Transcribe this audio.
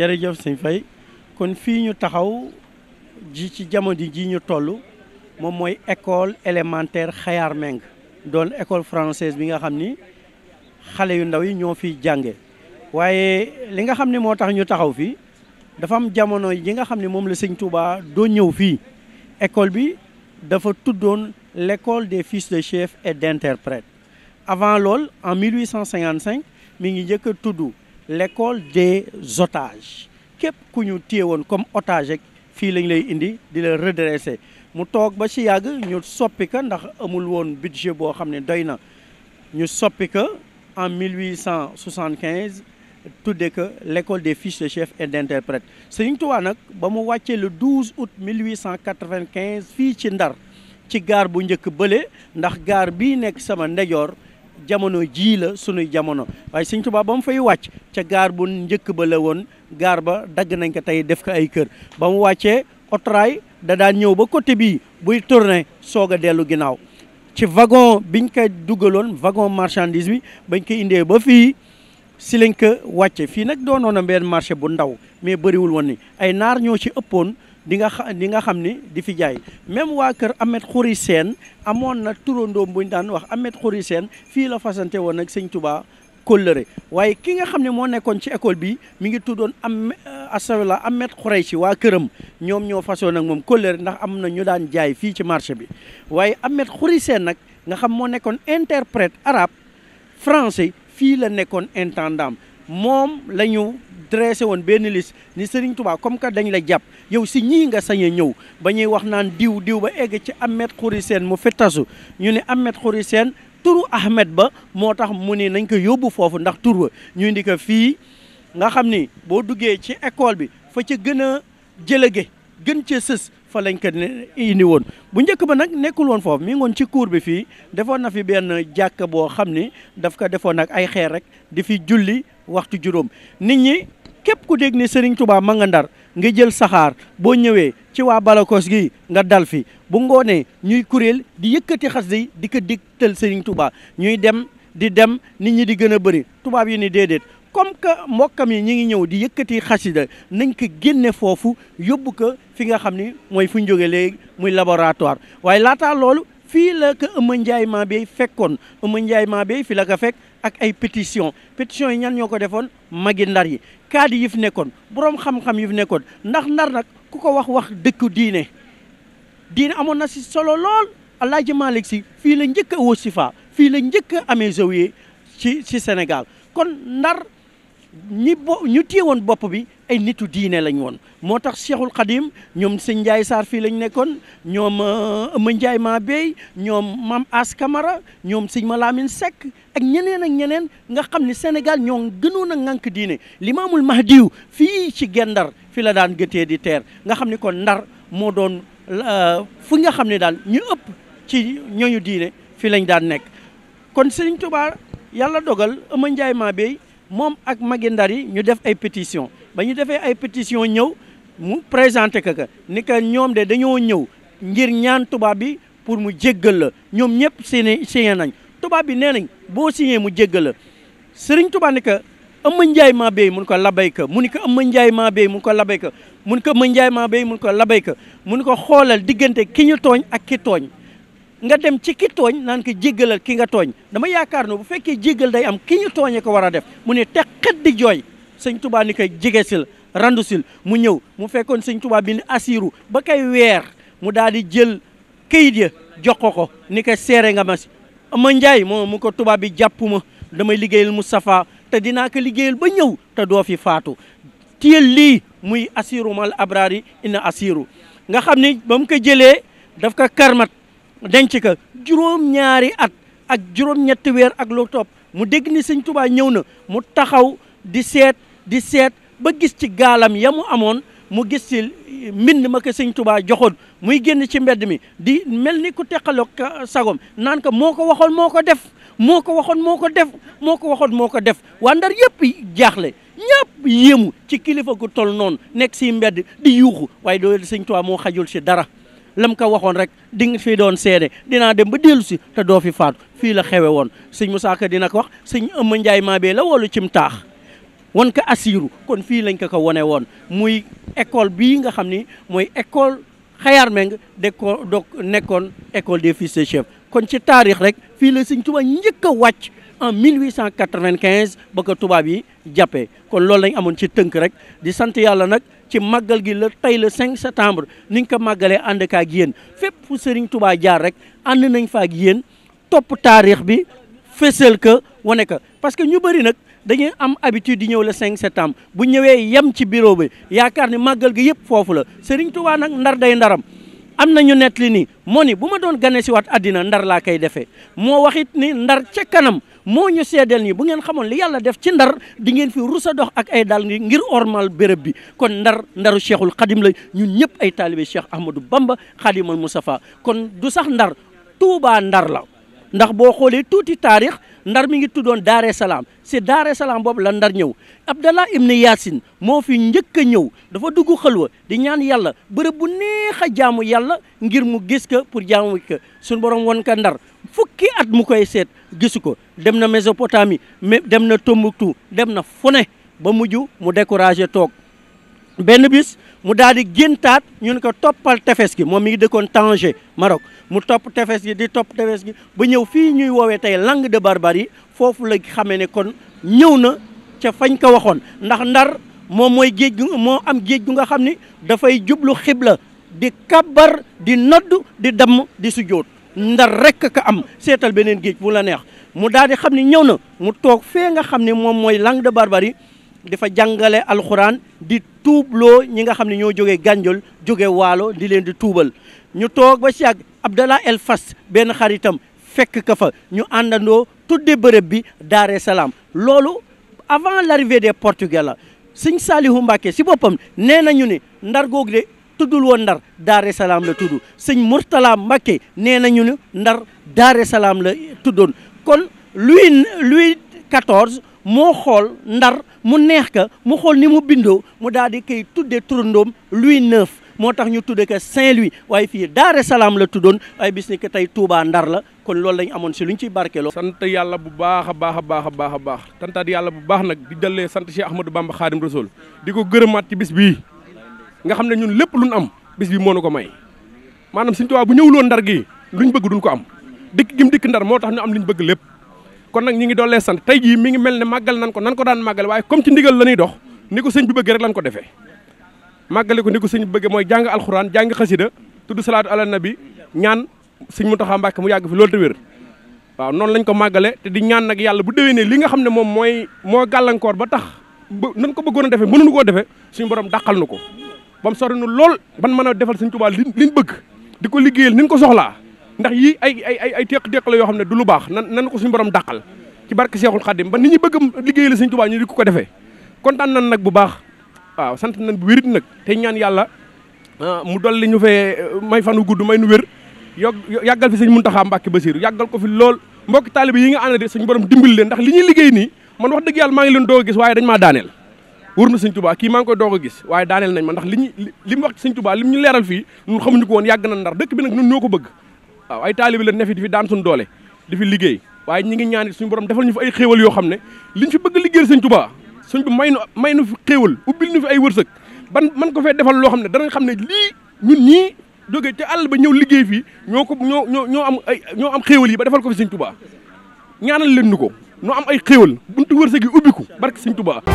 jërëjëf sëñ Faye kon fii ñu taxaw ji ci jamono ji ñu toll moom mooy école élémentaire Khayar Meng doon école française bi nga xam ni xale yu ndaw yi ñoo fiy jànge waaye li nga xam ne moo tax ñu taxaw fii dafa am jamono yi nga xam ne moom la sëñ Touba doon ñëw fii école bi dafa tuddoon l'école des fils de chef et d'interprète avant lool en 1855 mi ngi njëkk a tudd l'école des otages képp ku ñu téye woon comme otage fii lañ lay indi di la redresser mu toog ba ci yàgg ñu soppi ka ndax amul woon budget boo xam ne doy na ñu soppi ka en 1875 tudde que l'école des fiches de chef et d'interprète Sëriñ Tuubaa nag ba mu wàccee le 12 août 1895 fii ci Ndar ci gaar bu njëkk bële ndax gaar bii nekk sama ndejoor jamono jii la sunuy jamono waaye Sëñ Tuubaa ba mu fay wàcc ca gaar bu njëkk ba la woon gaar ba dagg nañ ko tey def ko ay kër ba mu wàccee otraay da ñëw ba côté bii buy tourné soog a dellu ginnaaw ci vagon biñ ko dugaloon vagon marchandise bi bañ ko indee ba fii si lañ ko wàcce fii nag doonoon a benn marché bu ndaw mais bëriwul woon ni ay naar ñoo ci ëppoon di nga xa di nga xam ni di fi jaay même waa kër Ahmed Khoury Sène amoon na turandoom ñu daan wax Ahmed Khoury seen fii la fasante woon ak sëñ Touba kóllëre waaye ki nga xam ne moo nekkoon ci école bi mi ngi tuddoon am euh, asawla Ahmed Khoureyssi waa këram ñoom ñoo façon nag moom kollere ndax am na ñu daan jaay fii ci marché bi waaye Ahmed Khoury Sène nag nga xam moo nekkoon interprète arabe français fii la nekkoon intendant moom la ñu dressé woon benn liste ni Serigne Touba comme que dañ la jàpp yow si ñii nga sañ a ñëw ba ñuy wax naan diw diw ba egg ci Ahmed Khoury Sène mu fettasu ñu ne Ahmed Khoury seen turu Ahmed ba moo tax mu ne nañ ko yóbbu foofu ndax tur ba ñu indi ko fii nga xam ni boo duggee ci école bi fa ca gën a jëlëge gën cee sës fa lañ ko indi woon bu njëkk ba nag nekkul woon foofu mi ngoon ci cour bi fii defoon na fi benn jàkk boo xam ni daf ko defoon ak ay xeer rek di fi julli waxtu juróom nit ñi képp ku dégg ne Serigne Touba ma nga ndar nga jël saxaar boo ñëwee ci waa Balakos gi nga dal fi bu ngoonee ñuy kuréel di yëkkati xasida yi di ko digtal sëriñ Touba ñuy dem di dem nit ñi di gën a bëri tubaab yi ni déedéet comme que mbokkam yi ñu ngi ñëw di yëkkati xasida nañ ko génne foofu yóbbu ko fi nga xam ni mooy fu ñu jógee léegi muy laboratoire waaye laataa loolu fii la ko Eumeu Ndiaye Mabéye fekkoon Eumeu Ndiaye Mabéye fii la ko fekk ak ay pétition pétition yi ñan ñoo ko defoon magi ndar yi kaadi yi fi nekkoon boroom xam-xam yi fi nekkoon ndax ndar nag ku ko wax wax dëkku diine diine amoon na si solo lool Alaaji Malick si fii la njëkk a wasifa fii la njëkk a amee zawiya ci ci Sénégal kon ndar ñi bo ñu téye woon bopp bi ay nitu diine lañu woon moo tax Cheikhul Khadim ñoom sëñ Ndiaye Sarr fii lañ nekkoon ñoom euh, ma Ndiaye maa béy ñoom Mam As Camara ñoom sëñ Malamine Seck ak ñeneen ak ñeneen nga xam ni Sénégal ñoo gënoon a ŋànk diine Limaamul Mahdiw fii ci Gendar fi la daan gëtee di teer nga xam ne kon Ndar moo doon euh, fu nga xam ne daal ñu ëpp ci ñooñu diine fi lañ daan nekk kon sëñ Touba yàlla dogal ma Ndiaye maa béy moom ak magi yi ñu def ay pétition ba ñu defee ay pétition ñëw mu présenté que que ni que ñoom de dañoo ñëw ngir ñaan tubaab bi pour mu jéggal la ñoom ñëpp signé signé nañ tubaab bi nee nañ boo signé mu jéggal la sëriñ tubaab ni que ëmma njaay maa béy mun ko labayka mu ni ko ëmma njaay maa béy mun ko labayka mun ko ëmma njaay maa béy mun ko labayka mun ko xoolal diggante ki ñu tooñ ak ki tooñ nga dem ci ki tooñ naan ko jéggalal ki nga tooñ dama yaakaar ne bu fekkee jéggal day am ki ñu tooñee ko war a def mu ne te xet di jooy sëñ tubaa ni koy jege sil randu sil mu ñëw mu fekkoon sëñ tubaab bi ni asiru ba kay weer mu daal di jël kayit ya jox ko ko ni ka seere nga ma si ma njaay moom mu ko tubaab bi jàpp ma damay liggéeyal Moustapha te dinaa ko liggéeyal ba ñëw te doo fi faatu tiyel lii muy ma mal abraari ina asiru nga xam ni ba mu jëlee daf ko karmat denc ka juróom-ñaari at ak juróom-ñetti weer ak lu topp mu dégg ni sëñ Tuubaa ñëw na mu taxaw di seet di seet ba gis ci gaalam ya mu amoon mu gis ci mbind ma ko sëñ tubaa joxoon muy génn ci mbedd mi di mel ni ku teqaloo sagom naan ko moo ko waxoon moo ko def moo ko waxoon moo ko def moo ko waxoon moo ko def waa Ndar yëpp jaaxle ñëpp yéemu ci kilifa gu tol noonu nekk si mbedd di yuuxu waaye doo sëñ Tuubaa moo xajul si dara lam ko waxoon rek di nga fii doon seede dinaa dem ba dellu si doo fi faatu fii la xewe woon sëñ Moussa Ka dina ko wax sëñ Ëmma Njaay maa bee la woolu cim taax wan ko assiru kon fii lañ ko ko wone woon muy école bii nga xam ni mooy école Khayarmengue de ko doog nekkoon école des fils de chef kon ci taarix rek fii la sëñ Tuubaa njëkk a wàcc en 1895 ba ko tubaab yi jàppee kon loolu lañ amoon ci tënk rek di sant yàlla nag ci màggal gi la tey le 5 septembre ni nga ko màggalee ànd ak ak yéen fépp fu Serigne Touba jaar rek ànd nañ fa ak yéen topp taarix bi fésal ko wane ko parce que ñu bëri nag dañuy am habitude di ñëw le 5 septembre bu ñëwee yem ci bureau bi yaakaar ni màggal gi yëpp foofu la Serigne Touba nag ndar day ndaram. am na ñu net li nii moo bu ma doon gane si waat àddina ndar laa koy defee moo waxit ni ndar ca kanam moo ñu seedeel nii bu ngeen xamoon li yàlla def ci ndar di ngeen fi rusa dox ak ay daal ngir ormal béréb bi kon ndar ndaru cheikhul xadim la ñun ñëpp ay taalibe cheikh ahmadou bamba xadimal moustapha kon du sax ndar tuubaa ndar la ndax boo xoolee tuuti taarix ndar mi ngi tuddoon Daaree Salaam si Daaree Salaam boobu la ndar ñëw Abdallah ibn Yaasin moo fi njëkk a ñëw dafa dugg xalwa di ñaan yàlla bërëb bu neex a jaamu yàlla ngir mu gis ko pour jaamu ko suñu borom won ko ndar fukki at mu koy seet gisu ko dem na Mésopotamie dem na Tombouctou dem na fu ne ba mujj mu découragé toog benn bis mu daal di géntaat ñu ne ko toppal tefes gi moom mi ngi dëkkoon Tanger Maroc mu topp tefes gi di topp tefes gi ba ñëw fii ñuy woowee tey Langue de Barbarie foofu la xamee ne kon ñëw na ca fañ ko waxoon ndax ndar moom mooy géej gu moo am géej gu nga xam ni dafay jublu xibla di kabbar di nodd di damm di sujjóot ndar rek ak am seetal beneen géej bu la neex mu daal di xam ni ñëw na mu toog fee nga xam ni moom mooy Langue de Barbarie dafa fa jàngale alxuraan di loo ñi nga xam ne ñoo jógee Gànjol jóge Waalo di leen di tuubal ñu toog ba si yàgg Abdallah El Fass benn xaritam fekk ka fa ñu àndandoo tudde bërëb bi Daaree Salaam loolu avant l'arrivée des Portugais la sëñ Saalihu Mbàkke si boppam nee nañu ne ndar goog de tuddul woon ndar Daaree Salaam la tudd sëñ Murtala Mbàkke nee nañu ne ndar Daaree Salaam la tuddoon kon Louis Louis moo xool ndar mu neex ka mu xool ni mu bindoo mu daal di koy tuddee turandoom Louis neuf moo tax ñu tudde ko Saint-Louis waaye fii Daare Salaam la tuddoon waaye bis ni que tey Touba Ndar la kon loolu lañ amoon si luñ ciy barkeeloo. sant yàlla bu baax a baax a baax a baax a baax yàlla bu baax nag di dallee sant Cheikh Ahmadou Bamba Khadim Rasoul di ko gërëmaat ci bis bii nga xam ne ñun lépp luñ am bis bi moo nu ko may maanaam Sëñ Tuubaa bu ñëwuloon Ndar gi luñ bëgg duñ ko am dikk gim dikk Ndar moo tax ñu am liñ bëgg lépp kon nag ñi ngi doolee sant tey jii mi ngi mel ne màggal nan ko nan ko daan màggale waaye comme ci ndigal la ñuy dox ni ko sëñ bi bëgg rek lan ko defee màggale ko ni ko sëñ bi bëgg mooy jàng alxuraan jàng xasida tudd salaatu ala nabi ñaan sëñ Muntaxa Mbàkke mu yàgg fi loolu te wér waaw noonu lañ ko màggale te di ñaan nag yàlla bu déwénee li nga xam ne moom mooy moo gàllankoor ba tax nan ko bëggoon a defee mënuñu koo defee suñu borom dàqal nu ko ba mu sori lool ban mën a defal sëñ Tuubaa li liñ bëgg di ko liggéeyal ni ñu ko soxlaa ndax yii ay ay ay teq-teq la yoo xam ne du lu baax nan nan ko suñu borom dàqal ci barke Seexul Xaddim ba nit ñi bëgg liggéey la Sëñ Tuubaa ñu di ko ko defee kontaan nan nag bu baax waaw sant nan bu wérit nag te ñaan yàlla ah, mu dolli ñu fee eh, may fanu gudd may nu wér yo yàggal fi Sëñ Muntaxa Mbàkke Basiir yàggal ko fi lool mbokki taalibe yi nga ànd de suñu borom dimbil leen ndax li ñuy liggéey nii man wax dëgg yàlla maa ngi leen doog a gis waaye dañ maa daaneel maa ngi koy doog waaye daaneel nañ ma ndax li ñu li mu wax ci sëñ Tuubaa ñu ko woon yàgg na ndar dëkk bi nag ñun ñoo ko bëgg waaw ay taalibi la ne fi di fi daan suñu doole di fi liggéey waaye ñi ngi ñaan suñ borom defal ñu fi ay xéewal yoo xam ne liñ fi bëgg liggéeyal sëñ Tuubaa sëñ bi may nu may nu fi xéewal ubbil nu fi ay wërsëg ban man ko fee defal loo xam ne danañ xam ne lii ñun ñii jóge ca àll ba ñëw liggéey fii ñoo ko ñoo ñoo ñoo am ay ñoo am xéewal yi ba defal ko fi sëñ Tuubaa ñaanal leen nu ko ñoo am ay xéewal buntu wërsëg yi ubbiku barke sëñ Tuubaa